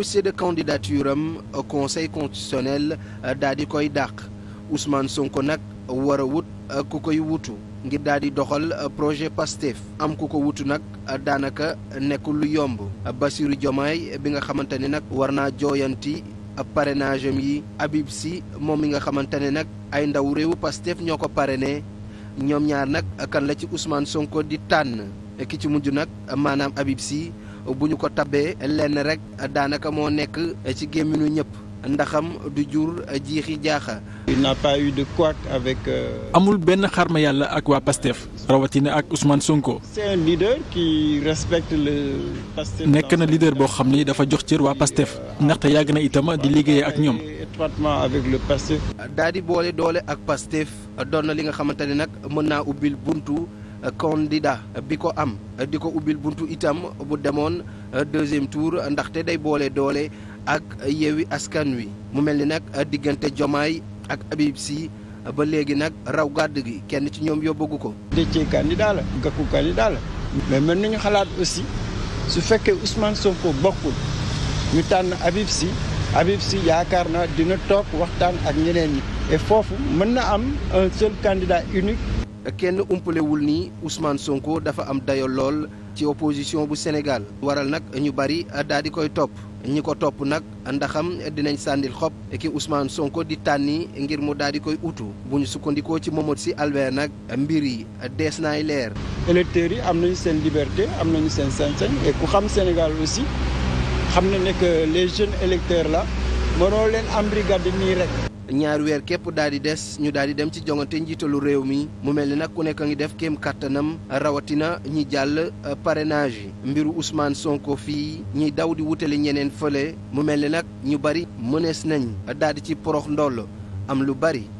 poussé de candidature am euh, conseil constitutionnel euh, daal di koy dàq Ousmane Sonko nag war a wut euh, ku koy wutu ngir daal di doxal projet PASTEF am ku ko wutu nag daanaka nekkul lu yomb Bassirou Diomaye bi nga xamante ne nag war naa jooyanti parrainage am yi Habib Sy moom mi nga xamante ne nag ay ndaw réew PASTEF ñoo ko parrainé ñoom ñaar nag kan la ci Ousmane Sonko di tànn ki ci mujj nag maanaam Habib Sy bu ñu ko tabee lenn rek daanaka moo nekk ci gémminu ñëpp ndaxam du jur jiixi jaaxa. il n'a pas eu de couac avec. Euh, amul benn xarma yàlla ak waa PASTEF rawatina ak Ousmane Sonko. c'est un leader qui respecte le PASTEF. nekk na leader boo xam ni dafa jox cër waa PASTEF ndaxte yàgg na itam di liggéeyee ak ñoom. étroitement avec le PASTEF. daa di boole doole ak PASTEF doon na li nga xamante ne nag mën naa ubbil buntu. candidat bi ko am di ko ubbil buntu itam bu demoon euh, deuxième tour ndaxte day boole doole ak yeewi askan wi mu mel ni nag euh, diggante Jomaay ak Habib Sy euh, ba léegi nag raw gàdd gi kenn ci ñoom yóbbagu ko. Déthié candidat la Gakou candidat la. mais mën nañu xalaat aussi su fekkee Ousmane Sonko bokkul ñu tànn Habib Sy Habib Sy yaakaar na dina toog waxtaan ak ñeneen yi et foofu mën na am un seul candidat unique. kenn umpalewul ni Ousmane Sonko dafa am dayo lool ci opposition bu Sénégal waral nag ñu bari daal di koy topp ñi ko topp nag ndaxam dinañ sànnil xob ki Ousmane Sonko di tànni ngir mu daal di koy utu bu ñu sukkandikoo ci Mamadou Sy Albert nag mbir yi dees naay leer. électeurs yi am nañu seen liberté am na ñu seen sañ-sañ ku xam Sénégal aussi xam na ne que les jeunes la là mënoo nii rek. ñaar weer képp daal di des ñu daal di dem ci jongante njiitalu réew mi mu mel ni nag ku nekk a ngi def kéem kàttanam rawatina ñi jàll euh, parrainage mbiru Ousmane Sonko fii ñi daw di wutali ñeneen fële mu mel ni nag ñu bari mënees nañ daal ci porox ndoll am lu bari